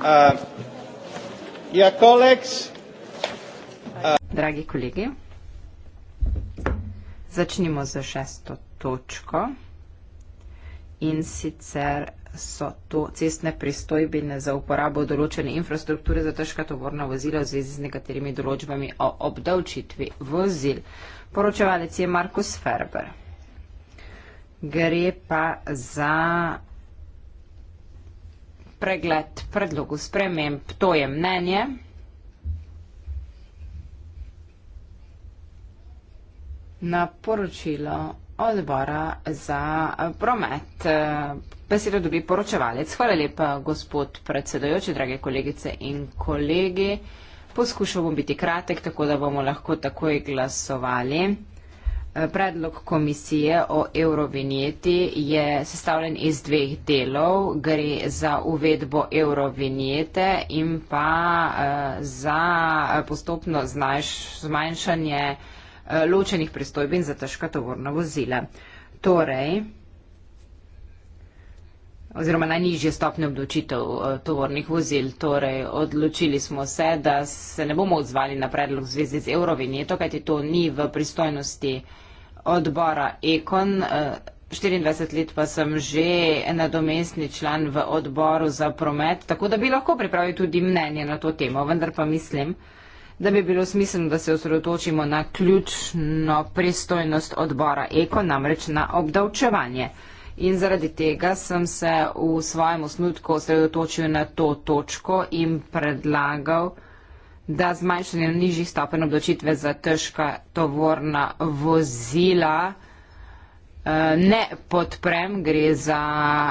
Uh, yeah, colleagues, uh... Dragi kolegi, začnimo z šesto točko in sicer so to cestne pristojbine za uporabo določene infrastrukture za težka tovorna vozila v zvezi z nekaterimi določbami o obdavčitvi vozil. Poročevalec je Markus Ferber. Gre pa za pregled predlogu sprememb. To je mnenje. Na poročilo odbora za promet eh, besedo dobi poročevalec. Hvala lepa, gospod predsedojoči, drage kolegice in kolegi. Poskušal bom biti kratek, tako da bomo lahko takoj glasovali. Predlog komisije o eurovinjeti je sestavljen iz dveh delov. Gre za uvedbo eurovinjete in pa eh, za postopno zmanjšanje eh, ločenih pristojbin za težka tovorna vozila. Torej, oziroma na nižje stopne obdočitev eh, tovornih vozil. Torej, odločili smo se, da se ne bomo odzvali na predlog zvezi z Eurovinjeto, kajti to ni v pristojnosti odbora Ekon. 24 eh, let pa sem že nadomestni član v odboru za promet, tako da bi lahko pripravil tudi mnenje na to temo, vendar pa mislim, da bi bilo smiselno, da se osredotočimo na ključno pristojnost odbora Eko, namreč na obdavčevanje in zaradi tega sem se v svojem osnutku osredotočil na to točko in predlagal, da zmanjšanje nižjih stopen obdočitve za težka tovorna vozila eh, ne podprem, gre za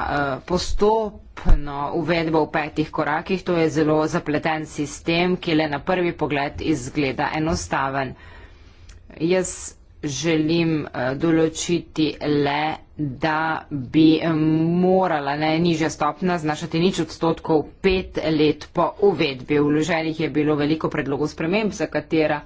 eh, postop. No, uvedbo v petih korakih, to je zelo zapleten sistem, ki le na prvi pogled izgleda enostaven. Jaz želim eh, določiti le, da bi morala najnižja stopna znašati nič odstotkov pet let po uvedbi. Vloženih je bilo veliko predlogov sprememb, za, katera,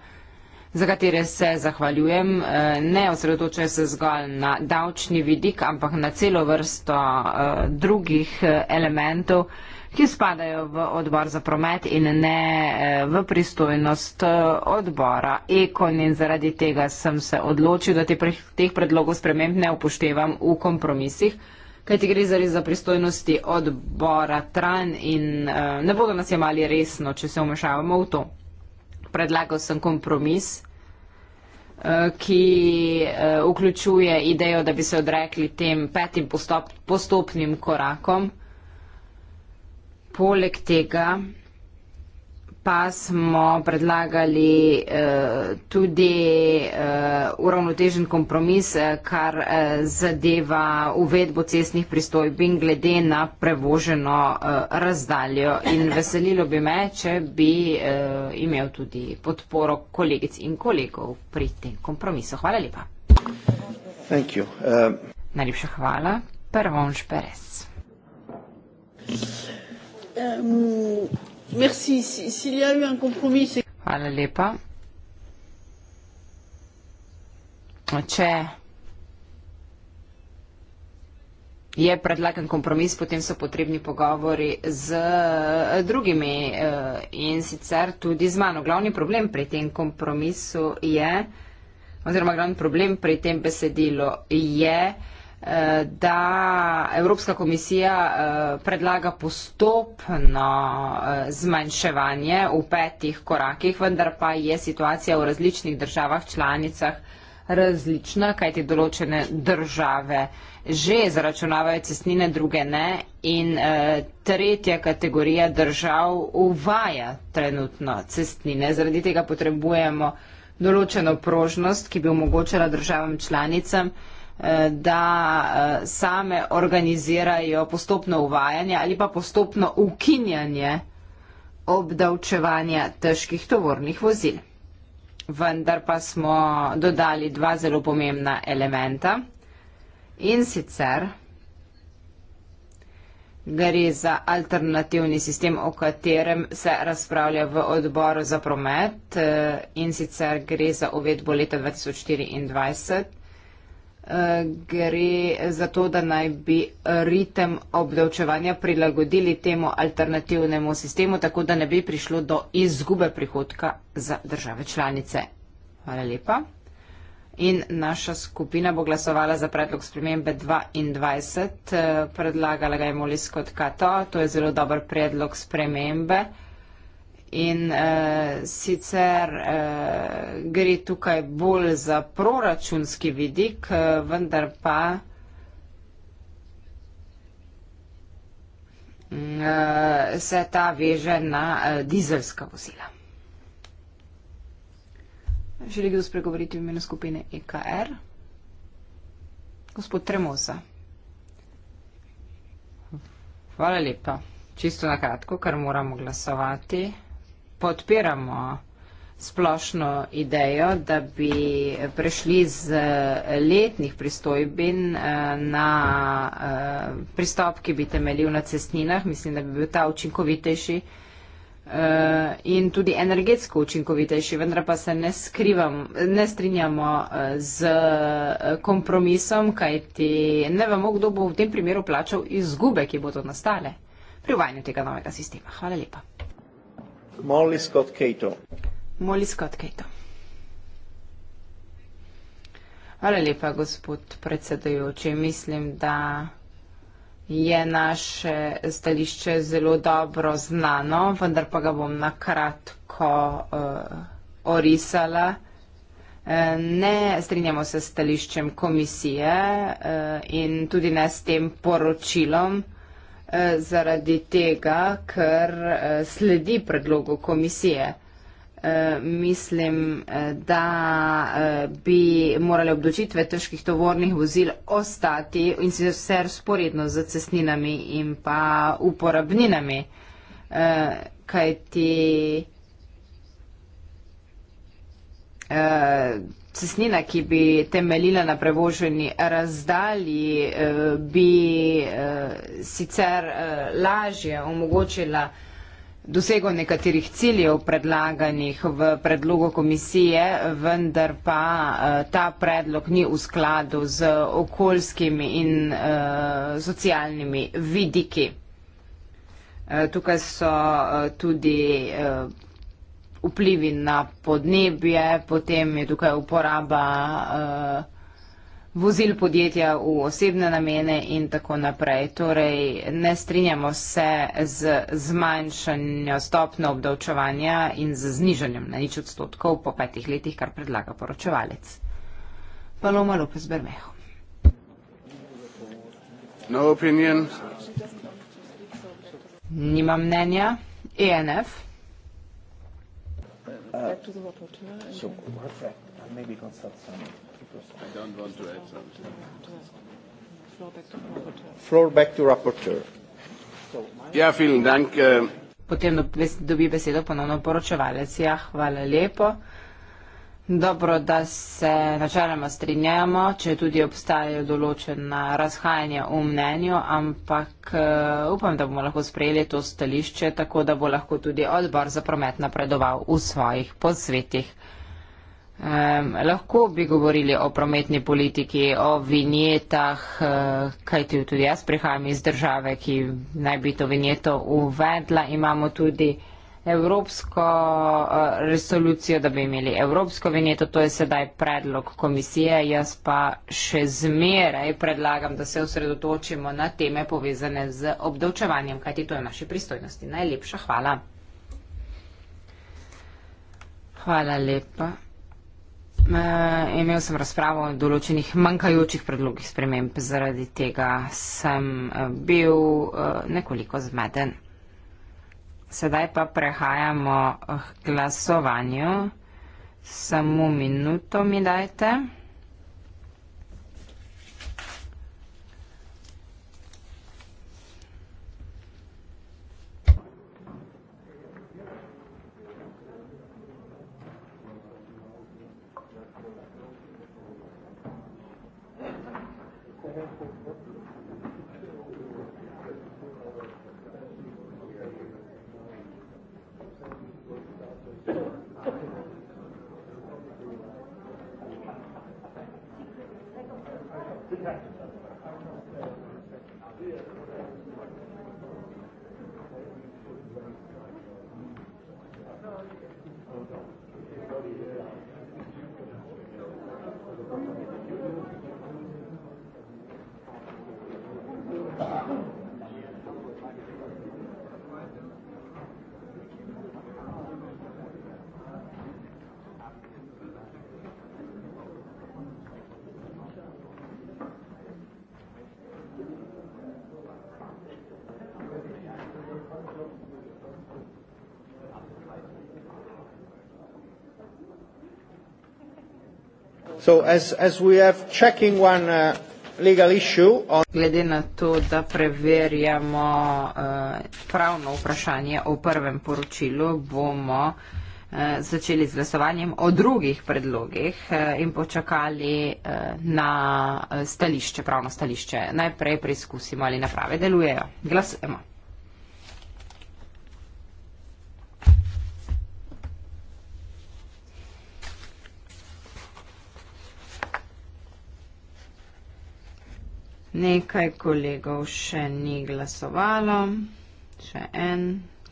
za katere se zahvaljujem. Eh, ne osredotočajo se zgolj na davčni vidik, ampak na celo vrsto eh, drugih elementov ki spadajo v odbor za promet in ne eh, v pristojnost eh, odbora Ekon in zaradi tega sem se odločil, da te pre, teh predlogov sprememb ne upoštevam v kompromisih, kajti gre za res za pristojnosti odbora Tran in eh, ne bodo nas jemali resno, če se umešavamo v to. Predlagal sem kompromis ki vključuje idejo, da bi se odrekli tem petim postop, postopnim korakom poleg tega pa smo predlagali eh, tudi eh, uravnotežen kompromis, eh, kar eh, zadeva uvedbo cestnih pristojbin glede na prevoženo eh, razdaljo. In veselilo bi me, če bi eh, imel tudi podporo kolegic in kolegov pri tem kompromisu. Hvala lepa. Uh... Najlepša hvala. Pervonš Perez. Euh, merci. S'il y a eu un compromis, c'est. Hvala lepa. Če je predlagan kompromis, potem so potrebni pogovori z eh, drugimi eh, in sicer tudi z mano. Glavni problem pri tem kompromisu je, oziroma glavni problem pri tem besedilu je, da Evropska komisija eh, predlaga postopno eh, zmanjševanje v petih korakih, vendar pa je situacija v različnih državah članicah različna, kajti določene države že zaračunavajo cestnine, druge ne in eh, tretja kategorija držav uvaja trenutno cestnine. Zaradi tega potrebujemo določeno prožnost, ki bi omogočala državam članicam, Eh, da eh, same organizirajo postopno uvajanje ali pa postopno ukinjanje obdavčevanja težkih tovornih vozil. Vendar pa smo dodali dva zelo pomembna elementa in sicer gre za alternativni sistem, o katerem se razpravlja v odboru za promet eh, in sicer gre za uvedbo leta 2024 gre za to, da naj bi ritem obdavčevanja prilagodili temu alternativnemu sistemu, tako da ne bi prišlo do izgube prihodka za države članice. Hvala lepa. In naša skupina bo glasovala za predlog spremembe 22, predlagala ga je Molisko Tkato, to je zelo dober predlog spremembe. In uh, sicer uh, gre tukaj bolj za proračunski vidik, uh, vendar pa uh, se ta veže na uh, dizelska vozila. Želi kdo spregovoriti v imenu skupine EKR? Gospod Tremosa. Hvala lepa. Čisto na kratko, ker moramo glasovati podpiramo splošno idejo, da bi prešli z letnih pristojbin eh, na eh, pristop, ki bi temeljil na cestninah. Mislim, da bi bil ta učinkovitejši eh, in tudi energetsko učinkovitejši, vendar pa se ne, skrivam, ne strinjamo z kompromisom, kajti ne vemo, kdo bo v tem primeru plačal izgube, ki bodo nastale pri uvajanju tega novega sistema. Hvala lepa. Molly Scott Cato. Molly Scott Cato. Hvala lepa, gospod predsedujoči. Mislim, da je naše stališče zelo dobro znano, vendar pa ga bom nakratko uh, eh, orisala. Eh, ne strinjamo se s stališčem komisije uh, in tudi ne s tem poročilom. Eh, zaradi tega, ker eh, sledi predlogu komisije. Eh, mislim, da bi morale obdočitve težkih tovornih vozil ostati in sicer sporedno z cestninami in pa uporabninami, kajti Eh, cestnina, ki bi temeljila na prevoženi razdalji, eh, bi eh, sicer lažje omogočila dosego nekaterih ciljev predlaganih v predlogu komisije, vendar pa ta predlog ni v skladu z okoljskimi in socialnimi vidiki. Tukaj so tudi vplivi na podnebje, potem je tukaj uporaba uh, vozil podjetja v osebne namene in tako naprej. Torej, ne strinjamo se z zmanjšanjo stopno obdavčevanja in z znižanjem na nič odstotkov po petih letih, kar predlaga poročevalec. Paloma Lopez Bermejo. No Nimam mnenja. ENF back to the water tour. So, then. perfect. I maybe consult some people. I don't want to add something. Floor back to rapporteur. Ja, vielen Dank. Eh. Potem dobi besedo ponovno poročevalec. Ja, hvala lepo. Dobro, da se načeloma strinjamo, če tudi obstajajo določena razhajanja v mnenju, ampak eh, upam, da bomo lahko sprejeli to stališče, tako da bo lahko tudi odbor za promet napredoval v svojih posvetih. Um, lahko bi govorili o prometni politiki, o vinjetah, eh, kajti tudi jaz prihajam iz države, ki naj bi to vinjeto uvedla. Imamo tudi evropsko eh, resolucijo, da bi imeli evropsko vinjeto, to je sedaj predlog komisije, jaz pa še zmeraj predlagam, da se osredotočimo na teme povezane z obdavčevanjem, kajti to je naše pristojnosti. Najlepša hvala. Hvala lepa. E, imel sem razpravo o določenih manjkajočih predlogih sprememb, zaradi tega sem eh, bil e, nekoliko zmeden. Sedaj pa prehajamo k glasovanju. Samo minuto mi dajte. Thank you. building. Uh, Glede na to, da preverjamo uh, pravno vprašanje o prvem poročilu, bomo uh, začeli z glasovanjem o drugih predlogih uh, in počakali uh, na uh, stališče, pravno stališče. Najprej preizkusimo, ali naprave delujejo. Glasujemo. Nekaj kolegov še ni glasovalo. Še en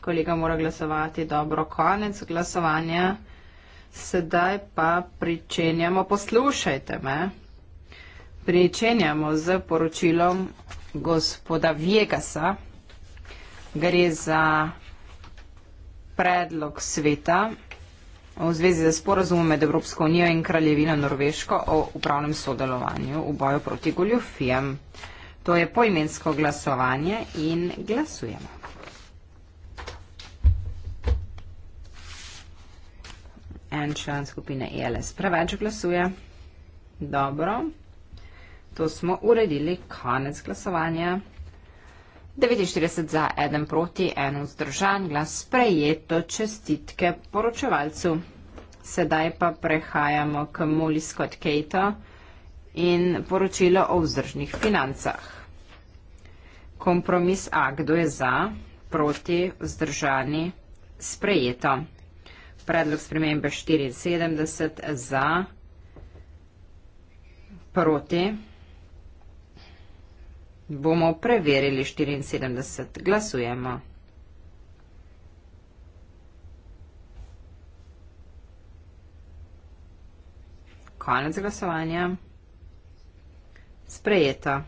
kolega mora glasovati. Dobro, konec glasovanja. Sedaj pa pričenjamo, poslušajte me. Pričenjamo z poročilom gospoda Viegasa. Gre za predlog sveta v zvezi z sporazumom med Evropsko unijo in kraljevino Norveško o upravnem sodelovanju v boju proti goljofijam. To je poimensko glasovanje in glasujemo. En član skupine ELS preveč glasuje. Dobro. To smo uredili. Konec glasovanja. 49 za, 1 proti, 1 vzdržan, glas sprejeto, čestitke poročevalcu. Sedaj pa prehajamo k Molly Scott Cato in poročilo o vzdržnih financah. Kompromis A, kdo je za, proti, vzdržani, sprejeto. Predlog spremembe 74 za, proti, vzdržani. Bomo preverili 74. Glasujemo. Konec glasovanja. Sprejeto.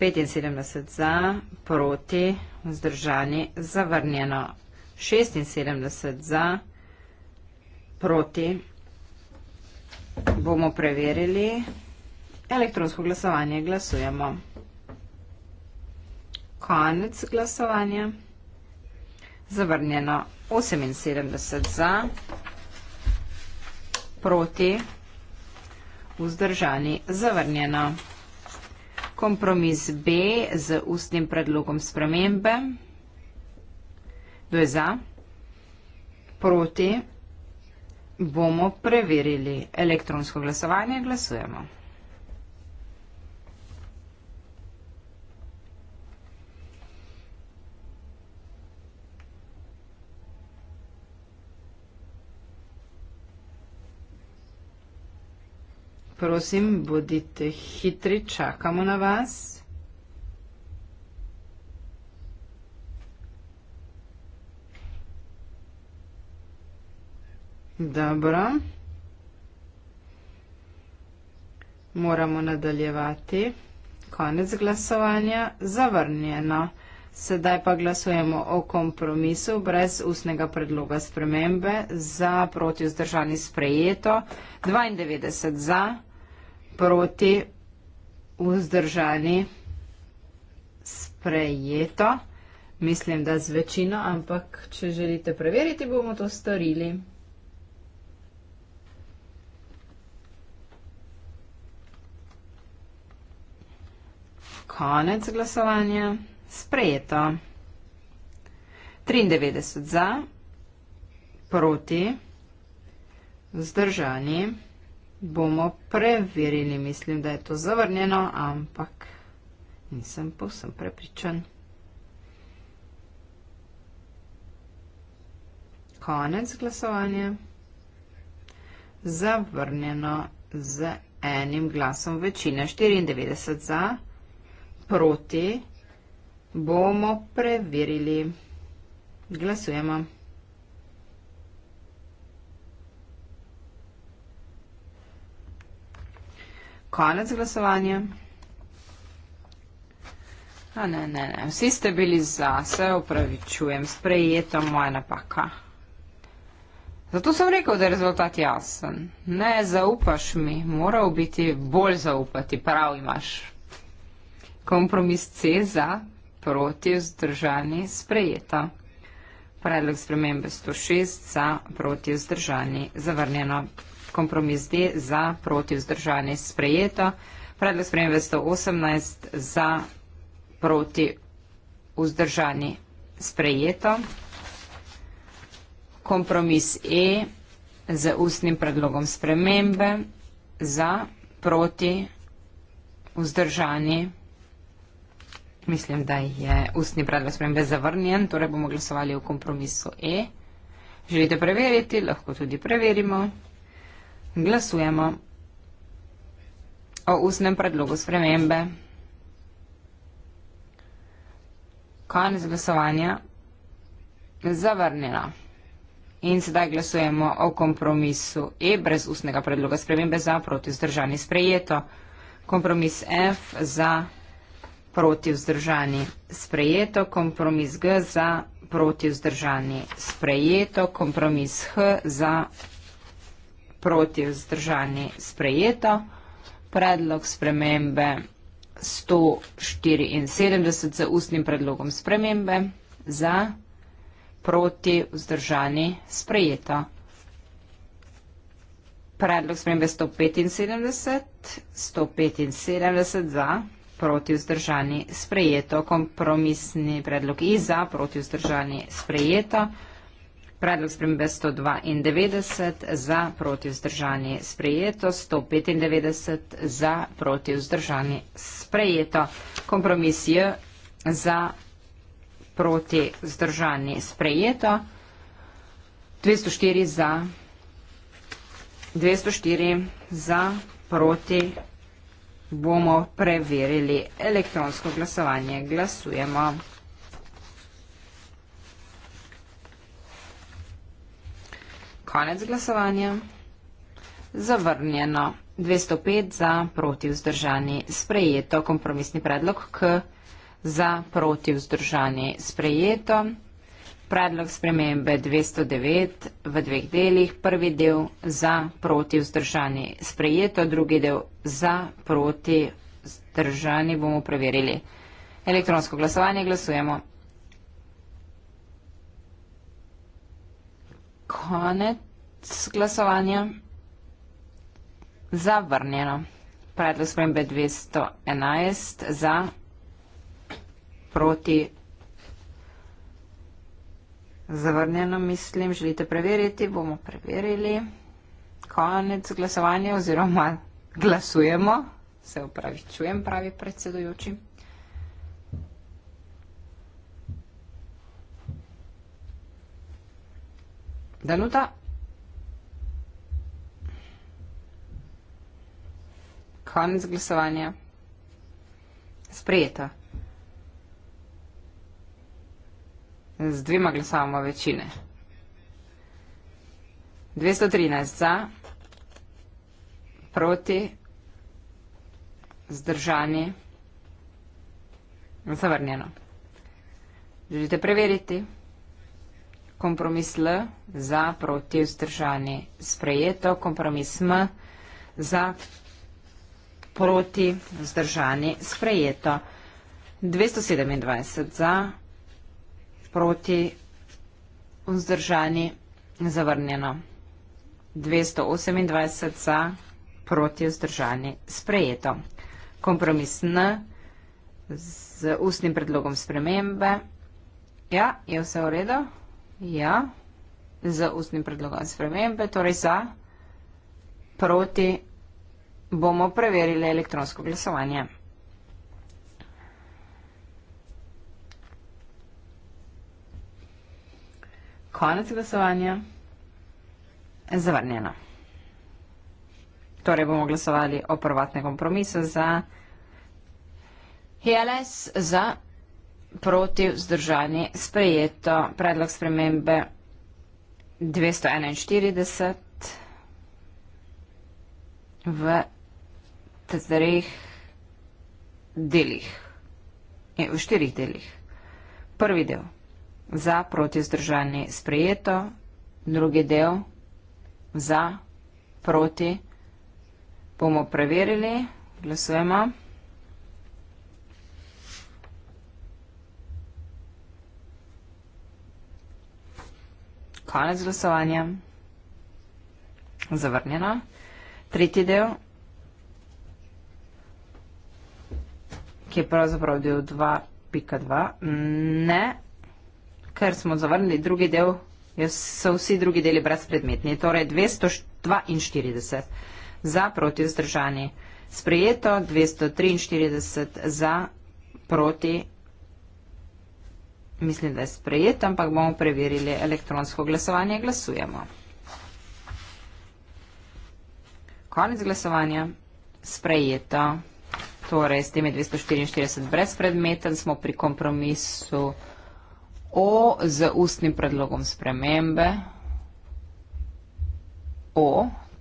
75 za, proti, vzdržani, zavrnjeno. 76 za, proti. Bomo preverili elektronsko glasovanje. Glasujemo. Konec glasovanja. Zavrnjeno 78 za, proti, vzdržani, zavrnjeno. Kompromis B z ustnim predlogom spremembe. Kdo je za? Proti. Bomo preverili elektronsko glasovanje. Glasujemo. prosim, bodite hitri, čakamo na vas. Dobro. Moramo nadaljevati. Konec glasovanja zavrnjeno. Sedaj pa glasujemo o kompromisu brez ustnega predloga spremembe za proti vzdržani sprejeto 92 za proti, vzdržani, sprejeto. Mislim, da z večino, ampak če želite preveriti, bomo to storili. Konec glasovanja. Sprejeto. 93 za, proti, vzdržani bomo preverili. Mislim, da je to zavrnjeno, ampak nisem povsem prepričan. Konec glasovanja. Zavrnjeno z enim glasom večine 94 za, proti bomo preverili. Glasujemo. konec glasovanja. A ne, ne, ne, vsi ste bili za, se upravičujem, sprejeto moja napaka. Zato sem rekel, da je rezultat jasen. Ne, zaupaš mi, moral biti bolj zaupati, prav imaš. Kompromis C za, proti vzdržani, sprejeta. Predlog spremembe 106 za, proti vzdržani, zavrnjeno kompromis D za, proti vzdržanje sprejeto. Predlog spremembe 118 za, proti vzdržanje sprejeto. Kompromis E z ustnim predlogom spremembe za, proti vzdržanje. Mislim, da je ustni predlog spremembe zavrnjen, torej bomo glasovali v kompromisu E. Želite preveriti? Lahko tudi preverimo. Glasujemo o ustnem predlogu spremembe. Konec glasovanja. Zavrnjeno. In sedaj glasujemo o kompromisu E brez ustnega predloga spremembe za proti vzdržani sprejeto. Kompromis F za proti vzdržani sprejeto. Kompromis G za proti vzdržani sprejeto. Kompromis H za proti vzdržani sprejeto. Predlog spremembe 174 za ustnim predlogom spremembe za proti vzdržani sprejeto. Predlog spremembe 175, 175 za proti vzdržani sprejeto, kompromisni predlog I za proti vzdržani sprejeto. Predlog spremembe 192 za proti vzdržani sprejeto, 195 za proti vzdržani sprejeto. Kompromis je za proti vzdržani sprejeto, 204 za, 204 za proti bomo preverili elektronsko glasovanje. Glasujemo. Konec glasovanja. Zavrnjeno. 205 za proti vzdržani sprejeto. Kompromisni predlog K za proti vzdržani sprejeto. Predlog spremembe 209 v dveh delih. Prvi del za proti vzdržani sprejeto, drugi del za proti vzdržani bomo preverili. Elektronsko glasovanje glasujemo. konec glasovanja. Zavrnjeno. Predlog spremembe 211 za proti. Zavrnjeno mislim, želite preveriti, bomo preverili. Konec glasovanja oziroma glasujemo. Se upravičujem, pravi predsedujoči. da nota konec glasovanja sprejeta z dvema glasovama večine 213 za proti zdržani zavrnjeno želite preveriti kompromis L za proti vzdržani. Sprejeto kompromis M za proti vzdržani. Sprejeto 227 za proti vzdržani. Zavrnjeno 228 za proti vzdržani. Sprejeto kompromis N z ustnim predlogom spremembe. Ja, je vse v redu? ja, z ustnim predlogom spremembe, torej za, proti, bomo preverili elektronsko glasovanje. Konec glasovanja, zavrnjeno. Torej bomo glasovali o prvatne kompromise za HLS, za HLS proti vzdržani sprejeto predlog spremembe 241 v treh delih, ne, v štirih delih. Prvi del za proti vzdržani sprejeto, drugi del za proti bomo preverili, glasujemo. konec glasovanja. Zavrnjeno. Tretji del, ki je pravzaprav del 2.2. Ne, ker smo zavrnili drugi del, so vsi drugi deli brezpredmetni. Torej 242 za proti vzdržani. Sprejeto 243 za proti vzdržani. Mislim, da je sprejet, ampak bomo preverili elektronsko glasovanje. Glasujemo. Konec glasovanja. Sprejeto. Torej, s temi 244 brezpredmeten smo pri kompromisu O z ustnim predlogom spremembe. O,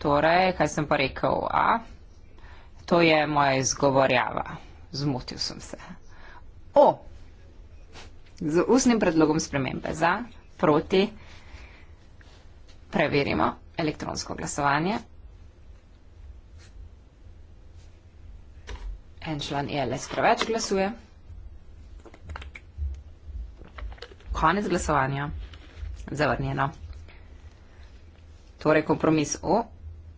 torej, kaj sem pa rekel A, to je moja izgovorjava. Zmotil sem se. O z usnim predlogom spremembe za, proti, preverimo elektronsko glasovanje. En član ILS e preveč glasuje. Konec glasovanja. Zavrnjeno. Torej kompromis O,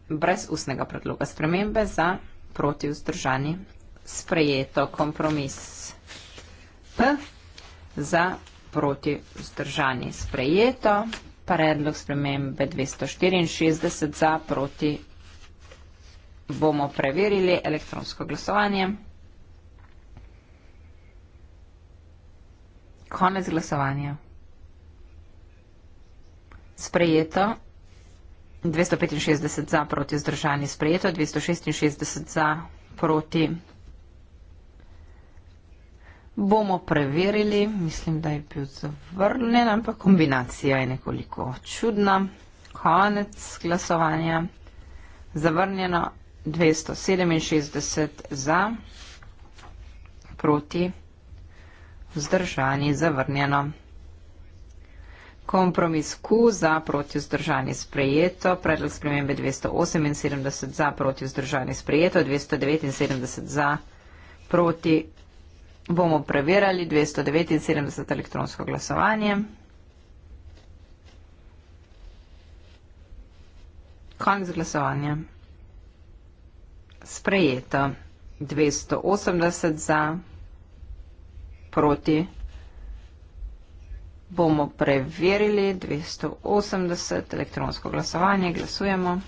brez usnega predloga spremembe za proti vzdržani sprejeto kompromis P, za proti vzdržani sprejeto, predlog spremembe 264 za proti bomo preverili elektronsko glasovanje. Konec glasovanja. Sprejeto. 265 za proti zdržani sprejeto, 266 za proti Bomo preverili, mislim, da je bil zavrnjen, ampak kombinacija je nekoliko čudna. Konec glasovanja. Zavrnjeno 267 za, proti, vzdržani, zavrnjeno. Kompromis Q za proti vzdržanje sprejeto, predlog spremembe 278 za proti vzdržanje sprejeto, 279 za proti bomo preverali 279 elektronsko glasovanje. Konec glasovanja. Sprejeto. 280 za, proti. Bomo preverili 280 elektronsko glasovanje. Glasujemo.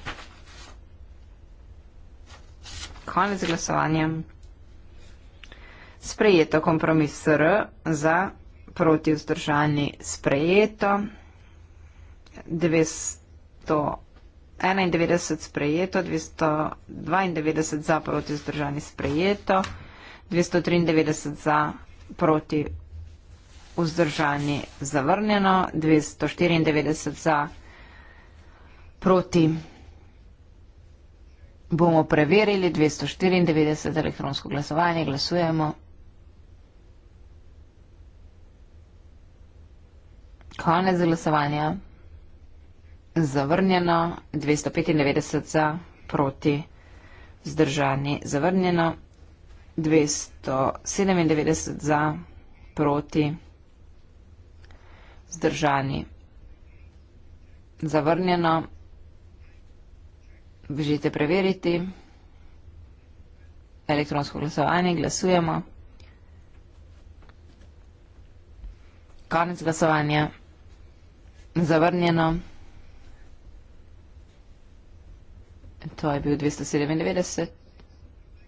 Konec glasovanja sprejeto kompromis SR za proti vzdržani sprejeto, 291 sprejeto, 292 za proti vzdržani sprejeto, 293 za proti vzdržani zavrnjeno, 294 za proti bomo preverili, 294 elektronsko glasovanje, glasujemo. Konec glasovanja. Zavrnjeno 295 za, proti zdržani. Zavrnjeno 297 za, proti zdržani. Zavrnjeno. Želite preveriti elektronsko glasovanje. Glasujemo. Konec glasovanja. Zavrnjeno. To je bil 297.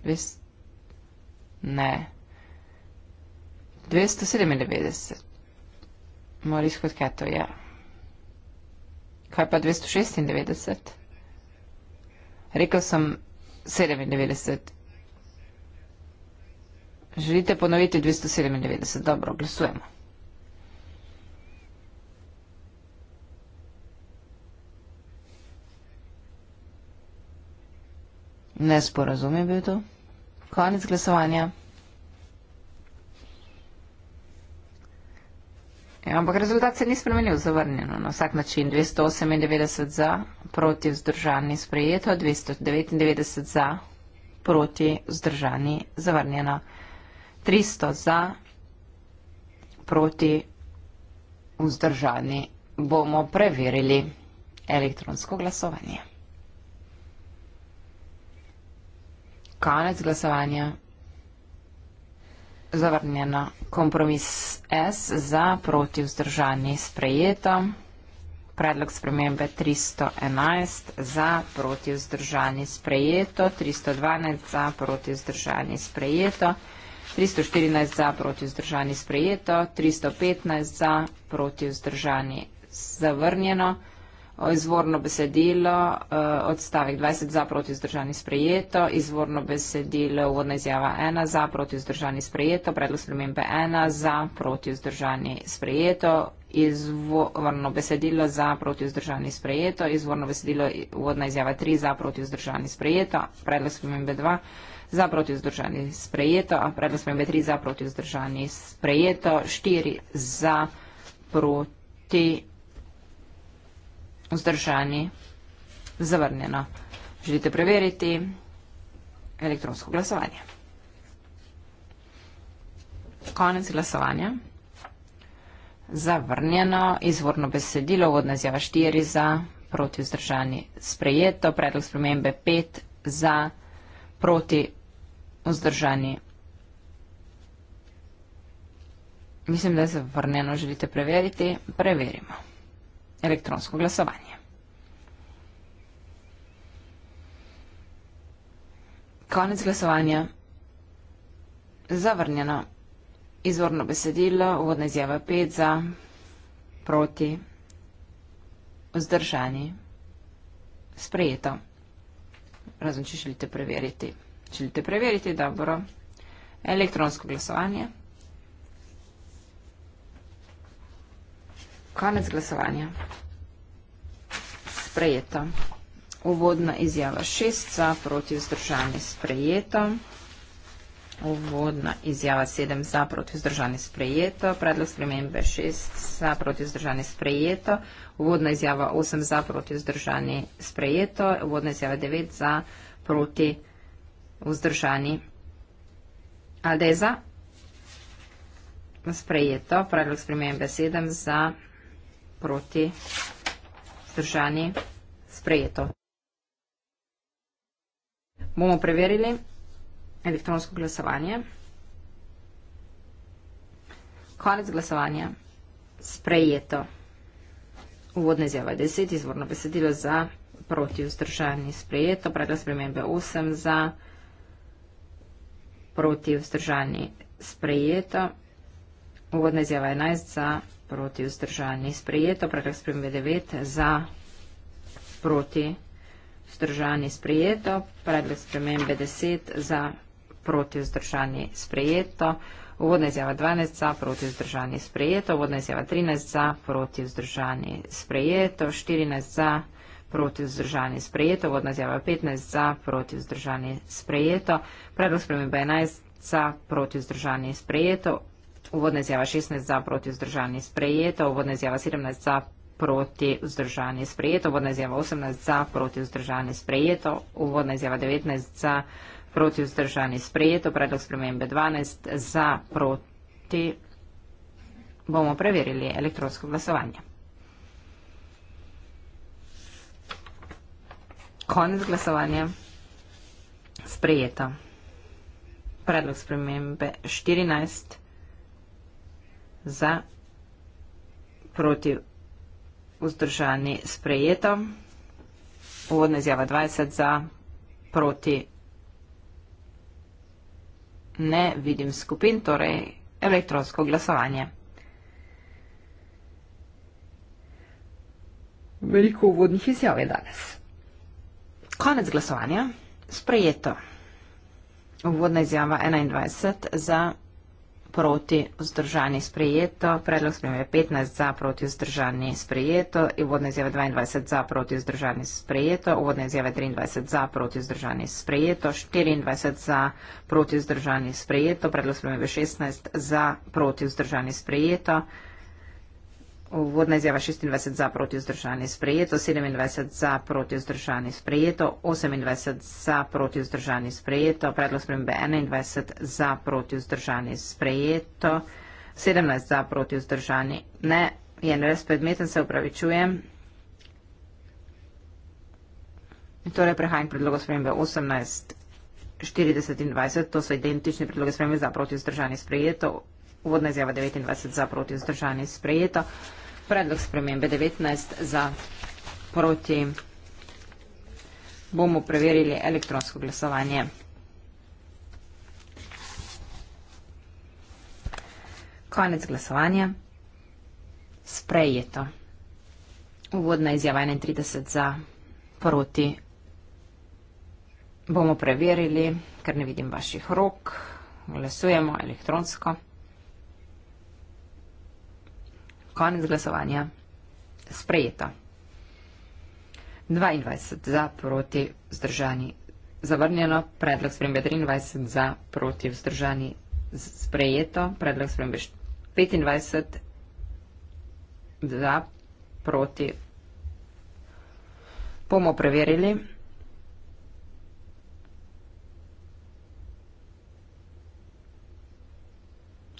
Ves... Ne. 297. Moris kot ja. Kaj pa 296? Rekel sem 97. Želite ponoviti 297? Dobro, glasujemo. Nesporazum je bil to. Konec glasovanja. Ja, ampak rezultat se ni spremenil, zavrnjeno na vsak način. 298 za, proti vzdržani sprejeto, 299 za, proti vzdržani zavrnjeno. 300 za, proti vzdržani bomo preverili elektronsko glasovanje. Konec glasovanja. Zavrnjeno. Kompromis S za proti vzdržanje sprejeto. Predlog spremembe 311 za proti vzdržanje sprejeto. 312 za proti vzdržanje sprejeto. 314 za proti vzdržanje sprejeto. 315 za proti vzdržanje zavrnjeno izvorno besedilo, eh, odstavek 20 za proti zdržani sprejeto, izvorno besedilo, uvodna izjava 1 za proti zdržani sprejeto, predlog spremembe 1 za proti zdržani sprejeto, izvorno besedilo za proti vzdržani sprejeto, izvorno besedilo uvodna izjava 3 za proti vzdržani sprejeto, predlog spremembe 2 za proti vzdržani sprejeto, predlog spremembe 3 za proti vzdržani sprejeto, 4 za proti vzdržani sprejeto vzdržani, zavrnjeno. Želite preveriti elektronsko glasovanje. Konec glasovanja. Zavrnjeno izvorno besedilo, vodna zjava 4 za, proti vzdržani sprejeto, predlog spremembe 5 za, proti vzdržani. Mislim, da je zavrnjeno, želite preveriti, preverimo elektronsko glasovanje. Konec glasovanja. Zavrnjeno. Izvorno besedilo, uvodna izjava 5 za, proti, vzdržani, sprejeto. Razum, če želite preveriti. Želite preveriti, dobro. Elektronsko glasovanje. Konec glasovanja. Sprejeto. Uvodna izjava šestca proti vzdržanje sprejeto. Uvodna izjava sedem za proti vzdržanje sprejeto. Predlog spremembe šest za proti vzdržanje sprejeto. Uvodna izjava osem za proti vzdržanje sprejeto. Uvodna izjava devet za proti vzdržanje. Aldeza? Sprejeto. Predlog spremembe sedem za proti vzdržanje sprejeto proti zdržani sprejeto. Bomo preverili elektronsko glasovanje. Konec glasovanja sprejeto. Uvodne izjave 10, izvorno besedilo za proti vzdržani sprejeto, predlog spremembe 8 za proti vzdržani sprejeto, uvodna izjava 11 za proti proti vzdržani. Sprejeto, predlog spremembe 9 za proti vzdržani sprejeto, predlog spremembe 10 za proti vzdržani sprejeto, uvodna izjava 12 za proti vzdržani sprejeto, uvodna izjava 13 za proti vzdržani sprejeto, 14 za proti vzdržani sprejeto, uvodna izjava 15 za proti vzdržani sprejeto, predlog spremembe 11 za proti vzdržani sprejeto, Uvodna izjava 16 za proti vzdržani sprejeta, uvodna izjava 17 za proti vzdržani sprejeta, uvodna izjava 18 za proti vzdržani sprejeta, uvodna izjava 19 za proti vzdržani sprejeta, predlog spremembe 12 za proti. Bomo preverili elektronsko glasovanje. Konec glasovanja. Sprejeta. Predlog spremembe 14 za proti vzdržani sprejeto. Uvodna izjava 20 za proti ne vidim skupin, torej elektronsko glasovanje. Veliko uvodnih izjav je danes. Konec glasovanja. Sprejeto. Uvodna izjava 21 za proti proti vzdržani sprejeto, predlog spremembe 15 za proti vzdržani sprejeto, uvodne izjave 22 za proti vzdržani sprejeto, uvodne izjave 23 za proti vzdržani sprejeto, 24 za proti vzdržani sprejeto, predlog spremembe 16 za proti vzdržani sprejeto. Uvodna izjava 26 za proti vzdržani sprejeto, 27 za proti vzdržani sprejeto, 28 za proti vzdržani sprejeto, predlog spremembe 21 za proti vzdržani sprejeto, 17 za proti vzdržani ne, je nerespredmeten, se upravičujem. Torej prehajam k predlogu spremembe 18, 40 in 20, to so identični predloge spremembe za proti vzdržani sprejeto, Uvodna izjava 29 za proti vzdržanje sprejeto. Predlog spremembe 19 za proti bomo preverili elektronsko glasovanje. Konec glasovanja. Sprejeto. Uvodna izjava 31 za proti. Bomo preverili, ker ne vidim vaših rok. Glasujemo elektronsko. Konec glasovanja. Sprejeto. 22 za proti vzdržani. Zavrnjeno. Predlog spremembe 23 za proti vzdržani. Sprejeto. Predlog spremembe 25 za proti. Bomo preverili.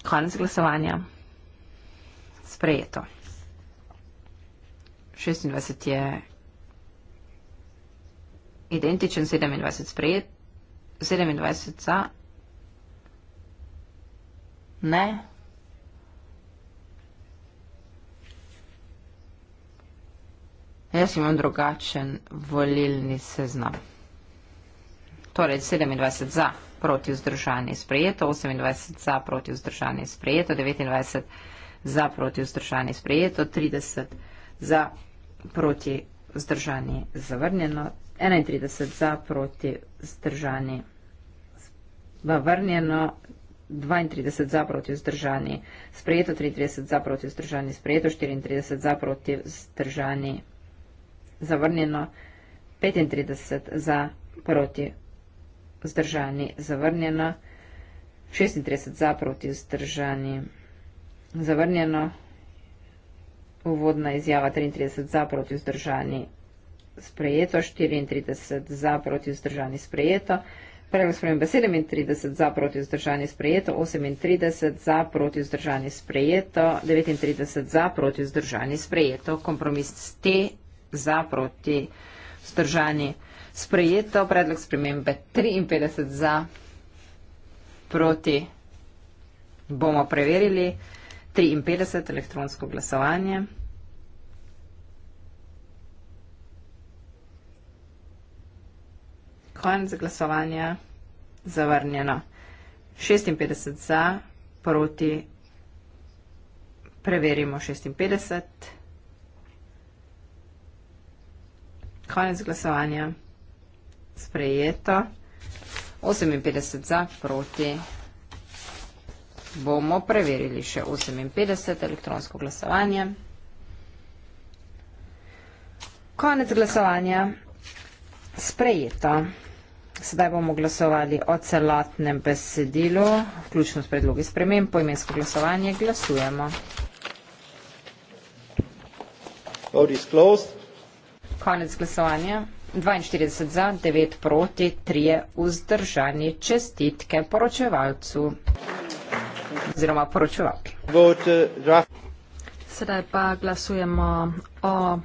Konec glasovanja sprejeto. 26 je identičen, 27 sprejet, 27 za, ne, 27 jaz imam drugačen volilni seznam. Torej 27 za, proti vzdržanje sprejeto, 28 za, proti vzdržanje sprejeto, 29 za, za proti vzdržani sprejeto, 30 za proti vzdržani zavrnjeno, 31 za proti vzdržani zavrnjeno, 32 za proti vzdržani sprejeto, 33 za proti vzdržani sprejeto, 34 za proti vzdržani zavrnjeno, 35 za proti vzdržani zavrnjeno, 36 za proti vzdržani zavrnjeno zavrnjeno. Uvodna izjava 33 za proti vzdržani sprejeto, 34 za proti vzdržani sprejeto, predlog spremembe 37 za proti vzdržani sprejeto, 38 za proti vzdržani sprejeto, 39 za proti vzdržani sprejeto, kompromis T za proti vzdržani sprejeto, predlog spremembe 53 za proti bomo preverili. 53 elektronsko glasovanje. Konec glasovanja zavrnjeno. 56 za, proti, preverimo 56. Konec glasovanja sprejeto. 58 za, proti, preverimo 56 bomo preverili še 58 elektronsko glasovanje. Konec glasovanja sprejeto. Sedaj bomo glasovali o celotnem besedilu, vključno s predlogi spremem, poimensko glasovanje, glasujemo. Vote is closed. Konec glasovanja. 42 za, 9 proti, 3 vzdržani čestitke poročevalcu oziroma poročilo. Sedaj pa glasujemo o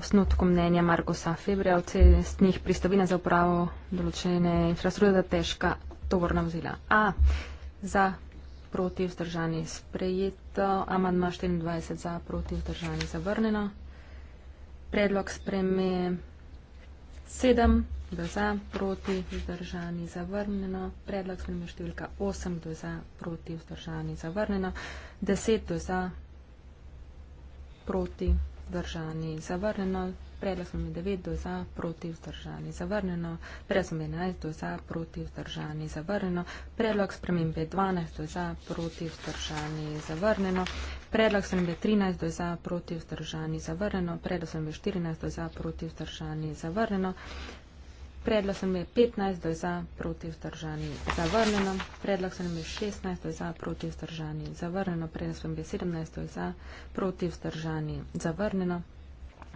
osnutku mnenja Margosa Febrija o cestnih pristavina za upravo določene infrastrukture za težka tovorna vozila. A za proti vzdržani sprejeto, amadma 24 za proti vzdržani zavrneno. Predlog spremenje. 7, kdo za, proti, vzdržani, zavrnjeno. Predlog spremembe številka 8, kdo za, proti, vzdržani, zavrnjeno. 10, kdo za, proti, vzdržani, zavrnjeno. Predlog spremembe 9, kdo za, proti, vzdržani, zavrnjeno. Predlog spremembe 11, kdo za, proti, vzdržani, zavrnjeno. Predlog spremembe 12, kdo za, proti, vzdržani, zavrnjeno. Predlog sem bil 13 do za, proti vzdržani zavrneno. Predlog sem bil 14 do za, proti vzdržani zavrneno. Predlog sem bil 15 do za, proti vzdržani zavrneno. Predlog sem bil 16 do za, proti vzdržani zavrneno. Predlog sem bil 17 do za, proti vzdržani zavrneno.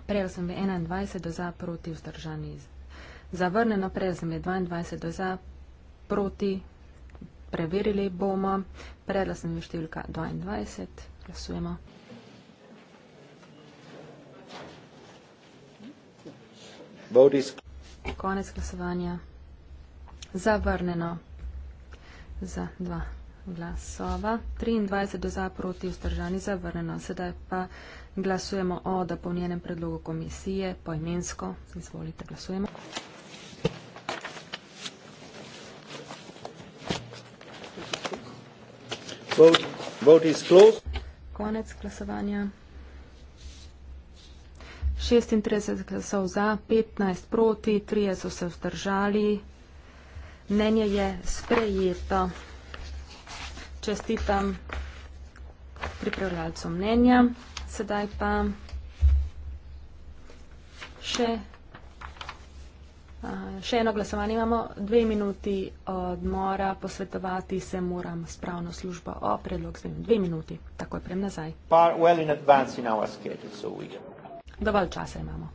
Predlog sem bil 21 do za, proti vzdržani zavrneno. Predlog sem bil 22 do za, proti. Preverili bomo. Predlog sem bil številka 22. Glasujemo. Is... Konec glasovanja. Zavrneno. Za dva glasova. 23 do za proti vzdržani zavrneno. Sedaj pa glasujemo o dopolnjenem predlogu komisije poimensko. Izvolite, glasujemo. Vote, vote is closed konec glasovanja. 36 glasov za, 15 proti, 3 so se vzdržali. Mnenje je sprejeto. Čestitam pripravljalcu mnenja. Sedaj pa še še eno glasovanje imamo, dve minuti odmora, posvetovati se moram s pravno službo o predlog za dve minuti, takoj prem nazaj. Well in in our schedule, so we... Dovolj časa imamo.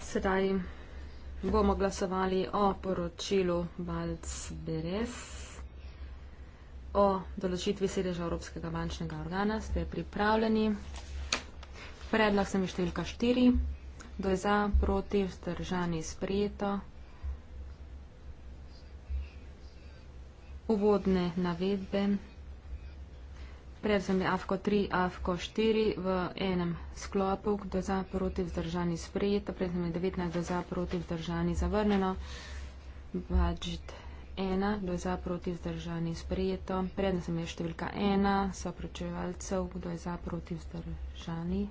Sedaj bomo glasovali o poročilu Balc-Beres o določitvi sedeža Evropskega bančnega organa. Ste pripravljeni. Predlog sem številka 4. Kdo je za, proti, vzdržani, sprejeto. Uvodne navedbe predzemlje AFKO 3, AFKO 4 v enem sklopu, kdo za proti vzdržani sprejeto, predzemlje 19, kdo za proti vzdržani zavrneno, budžet 1, kdo za proti vzdržani sprejeto, predzemlje številka 1, sopročevalcev, kdo je za proti vzdržani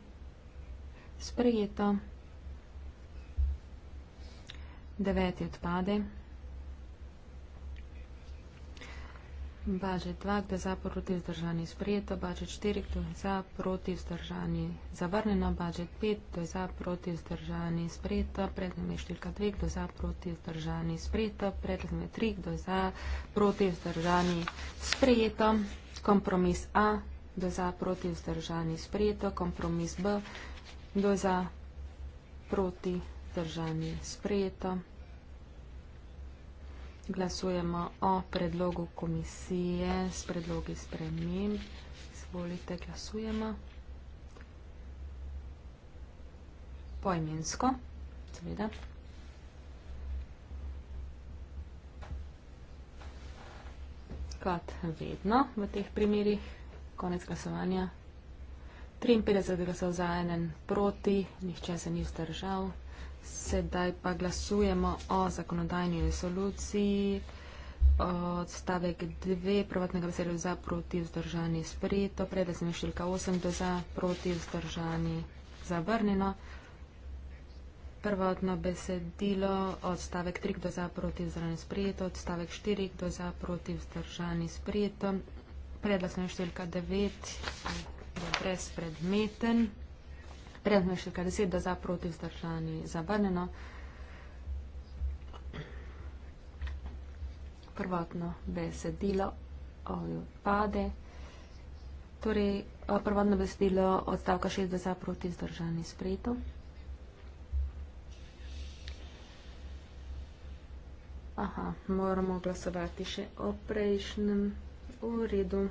sprejeto, deveti odpade. Baže 2, kde za proti zdržani sprijeto, baže 4, kde za proti zdržani zavrneno, baže 5, kde za proti zdržani sprijeto, predlog je številka 2, kde za proti zdržani sprijeto, predlog je 3, kde za proti zdržani sprijeto, kompromis A, kde za proti zdržani sprijeto, kompromis B, kde za proti zdržani sprijeto. Glasujemo o predlogu komisije s predlogi sprememb. Izvolite, glasujemo. Poimensko, seveda. Kot vedno v teh primerih, konec glasovanja. 53 glasov za enen proti, nihče se ni zdržal, Sedaj pa glasujemo o zakonodajni resoluciji. Odstavek 2, prvotnega besedila za proti vzdržani sprejeto, predvsem številka 8, da za proti vzdržani zavrnjeno. Prvotno besedilo, odstavek 3, kdo za proti vzdržani sprejeto, odstavek 4, kdo za proti vzdržani sprejeto, predvsem številka 9, je brezpredmeten. Predno je še kar deseda za proti vzdržani zavrneno. Prvotno besedilo pade. Torej, eh, prvotno besedilo odstavka 60 za proti vzdržani sprejeto. Aha, moramo glasovati še o prejšnjem uredu.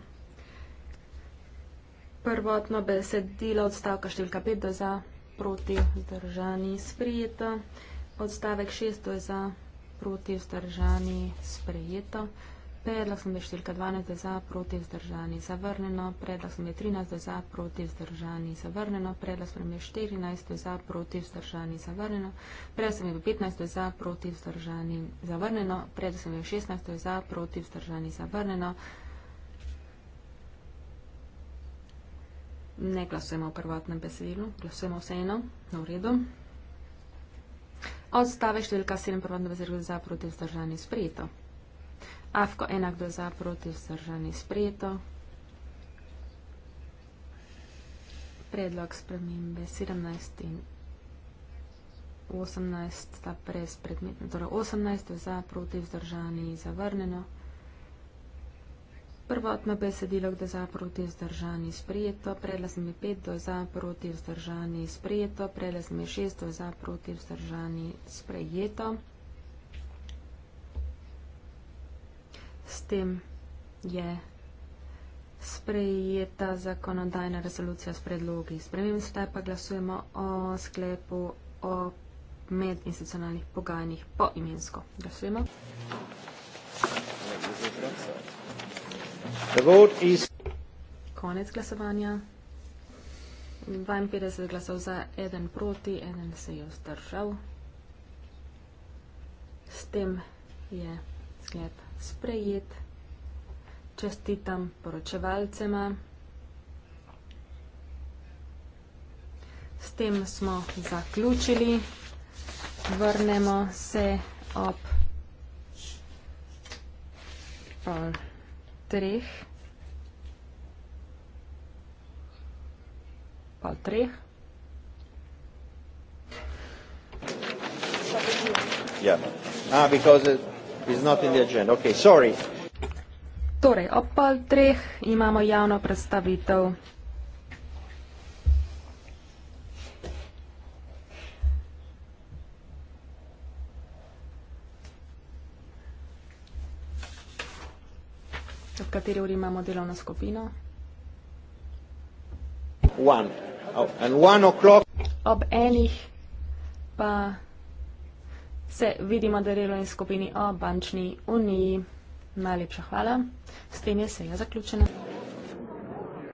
Prvotno besedilo odstavka številka 5 je za, proti, zdržani, sprijeto. Odstavek 6 je za, proti, zdržani, sprijeto. Predlog sem, da je številka 12 je za, proti, zdržani, zavrnjeno. Predlog sem, da je 13 je za, proti, zdržani, zavrnjeno. Predlog sem, da je 14 je za, proti, zdržani, zavrnjeno. Predlog sem, da je 15 je za, proti, zdržani, zavrnjeno. Predlog sem, da je 16 je za, proti, zdržani, zavrnjeno. ne glasujemo v prvotnem besedilu, glasujemo vseeno, na uredu. Odstave številka 7 prvotno besedilo za proti vzdržani sprejeto. Avko enak do za proti vzdržani sprejeto. Predlog spremembe 17 in 18 sta brez predmetne, torej 18 za proti vzdržani zavrnjeno. Prvotno besedilo, kdo za proti vzdržani sprejeto, prelazni pet do za proti vzdržani sprejeto, prelazni šest do za proti vzdržani sprejeto. S tem je sprejeta zakonodajna resolucija s predlogi. Spremem se, pa glasujemo o sklepu o medinstitucionalnih pogajanjih po imensko. Glasujemo. Hvala. Konec glasovanja. 52 glasov za, 1 proti, 1 se je vzdržal. S tem je sklep sprejet. Čestitam poročevalcema. S tem smo zaključili. Vrnemo se ob. Um treh, pa treh. Ja, ah, because it is not in the agenda. Okay, sorry. Torej, ob pol treh imamo javno predstavitev. kateri uri imamo delovno skupino? Oh, Ob enih pa se vidimo v delovni skupini o bančni uniji. Najlepša hvala. S tem je seja zaključena.